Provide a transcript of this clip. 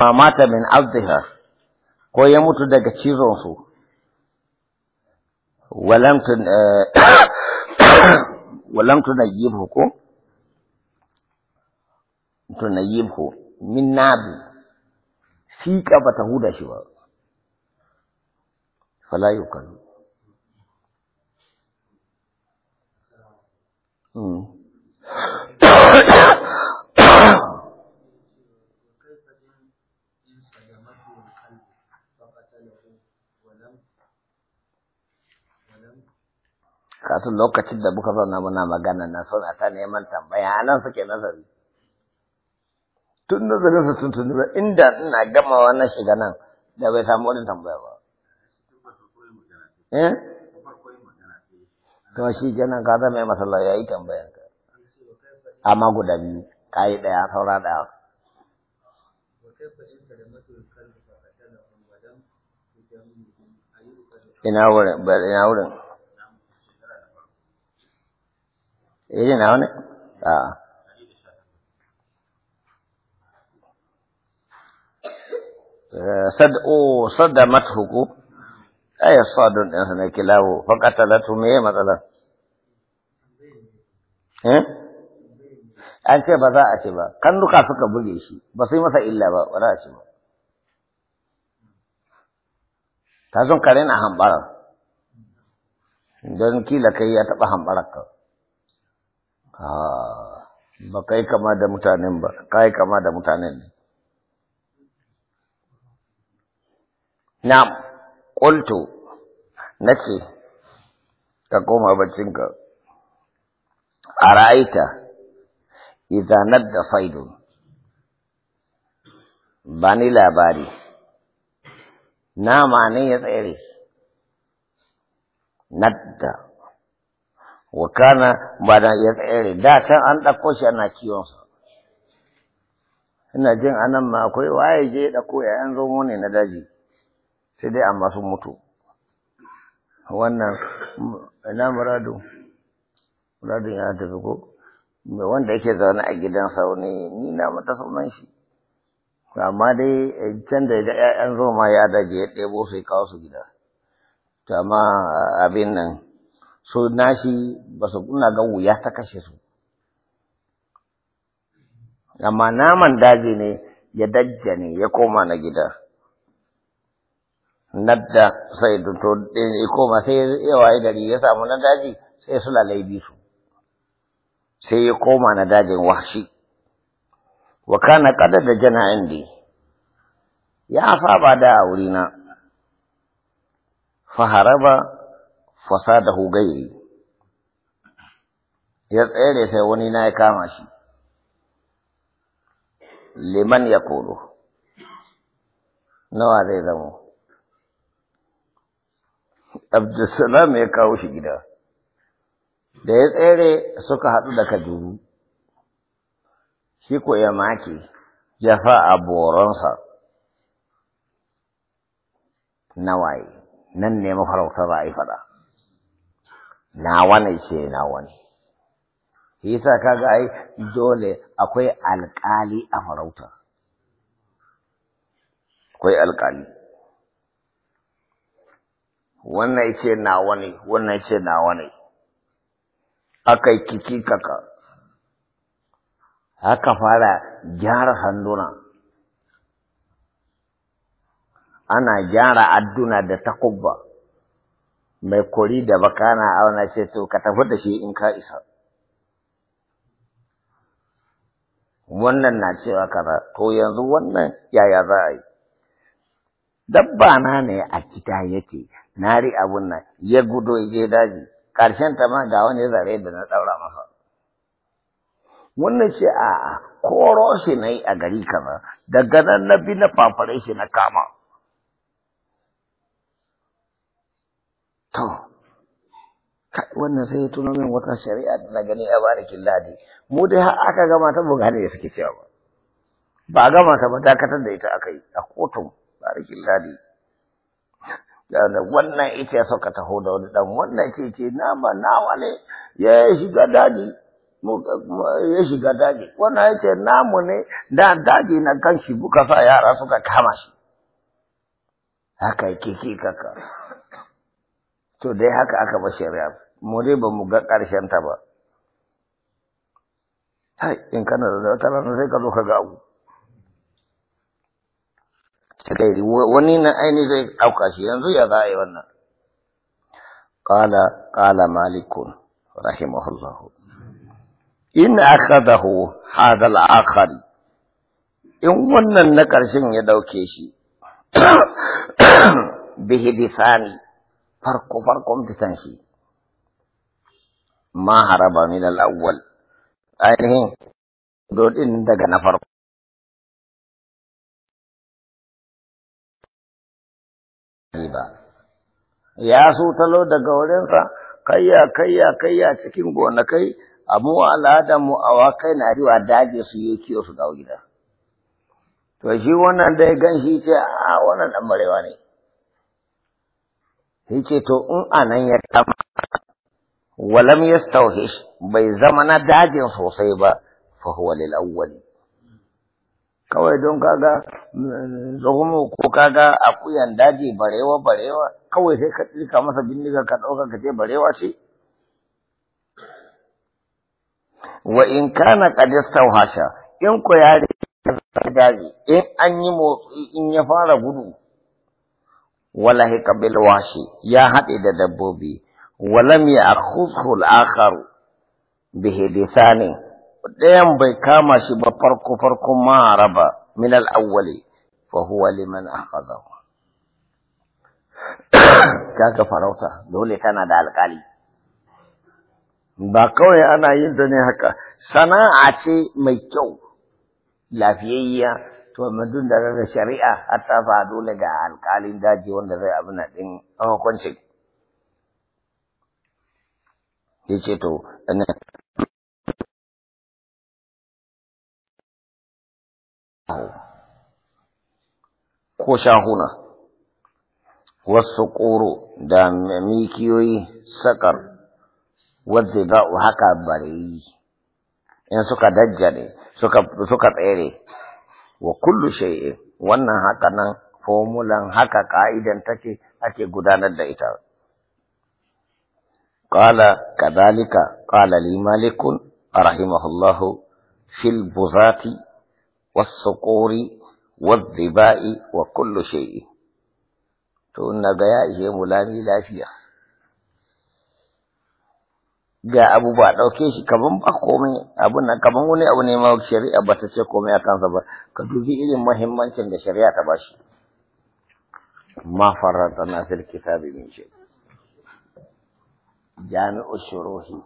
famata min azdiha ko ya mutu daga cizonsu walam tunayibhu eh, ko ko min nabi fiƙa ba ta huda shi ba fala yukalu hmm. فدمته القلب فقتله ولم ولم kasan lokacin da muka zauna muna magana na a ta neman tambaya a nan suke nazari tun nazarin su tun tuni inda ina gama na shiga nan da bai samu wani tambaya ba eh to shi kenan ka zama yi masallaci yayi tambayar ka amma guda biyu kai daya saura daya ina wurin ina wurin eh ina wani a eh, sad'u sadda huku ay sadun din kilawo fa qatalatu me matsala eh an ce ba za a ce ba kannuka suka buge shi ba sai masa illa ba ba za a ce ba ka kare na rena hambarar don kila kai ya taɓa hambara. ka ba kai kama da mutanen ba kai kama da mutanen ne na ƙultu na ce ka koma baccinka a ra'aita izanar da saidun ba ni labari nama ne ya tsere nadda wa kana ba da ya tsere da can an ɗauko shi ana kiwonsa ina jin anan ma akwai waye je da ko yayan zomo ne na daji sai dai amma sun mutu wannan ina muradu muradun ya tafi ko wanda yake zaune a gidansa ne ni na mata sunan shi amma dai eh, can da ga 'ya'yan roma ya daji ya ɗebo sai kawo su gida to amma abin nan so nashi ba su kuna ga wuya ta kashe su amma naman daji ne ya dajja ne ya koma na gida nadda sai to eh, ya koma sai ya waye gari ya samu na daji sai su lalai su sai ya koma na dajin washi wa kana kada da jana indi ya saba da aurina faharaba fasadahu gairi ya tsere sai wani na ya kama shi liman ya koro nawa zai zamo abdulsalam ya kawo shi gida da ya tsere suka haɗu da kajuru shi ko ya maki ya a boronsa Na waye nan ne mafarauta za a yi faɗa nawa ne ce nawa ne yasa kaga ai dole akwai alƙali a farauta akwai alƙali wannan ce nawa ne wannan ce nawa ne aka yi kiki kaka Aka fara gyara sanduna ana gyara adduna da takubba mai kori da bakana auna ce to ka tafi da shi in ka isa wannan na cewa kaza to yanzu wannan yaya za a yi dabba na ne a cita yake na ri abun nan ya gudo ya je daji ƙarshen ta ma ga wani zare da na ɗaura masa wannan ce a koro shi na yi a gari kama daga nan na bi na fafare shi na kama to wannan sai ya tuno min wata shari'a na gani a barikin ladi mu dai har aka gama ta buga ne suke cewa ba ba gamata gama ta ba dakatar da ita aka yi a kotun barikin ladi da wannan ita ya sauka taho da wani dan wannan ce ce nama nawa ne ya shiga daji ya shiga daji wannan ya ce namu ne da daji na kanshi buka sa yara suka kama shi haka yake ki kaka to dai haka aka ba shari'a mu dai ba mu ga ƙarshen ta ba hai in kana da wata rana sai ka zo ka ga abu wani na aini zai ɗauka shi yanzu ya za a yi wannan qala qala malikun rahimahullahu in akhadahu hadha al-akhar in wannan na ƙarshen ya dauke shi bihi lisani farko farkon fitan shi ma haraba min al-awwal ainihin dodin daga na farko ba ya sutalo daga wurinsa kayya kayya kayya cikin gonakai wa al'adar mu wakai na riwa daji su yi kiyo su dawo gida to shi wannan dai gan shi ce a ah, wannan dan barewa ne shi ce to in anan ya tama walam yastawhish bai zama na dajin sosai ba fa huwa lil awwal kawai don kaga zuhumu ko kaga akuyan daji barewa barewa kawai sai ka tsika masa bindiga ka ɗauka ka ce barewa ce wa in kana qad istawhasha in ko ya dare in an yi motsi in ya fara gudu Wala kabil washi ya haɗe da dabbobi Wala mi akhudhu al-akhar bi lisani ɗayan bai kama shi ba farko farko ma raba min al-awwali fa huwa liman akhadahu kaga farauta dole tana da alƙali ba kawai ana yin ta ne haka sana'a ce mai kyau lafiyayya to madun da ga shari'a har ta fa dole ga alƙalin daji wanda zai abin din hukunci yace to ko shahuna wasu ƙoro da mikiyoyi sakar wadda ba haka bareyi in suka dajjare suka suka tsere wa kullu shay'in wannan haka nan formulan haka ka'idan take ake gudanar da ita qala kadhalika qala li malikun rahimahullahu fil buzati was suquri والذباء وكل شيء to naga ya ishe mu lami lafiya ga abu ba ɗauke shi kaman ba komai abun nan kaman wani abu ne ma shari'a ba ta ce komai a kansa ba ka dubi irin muhimmancin da shari'a ta bashi ma farata na fil kitabi min shi jami'u shuruhi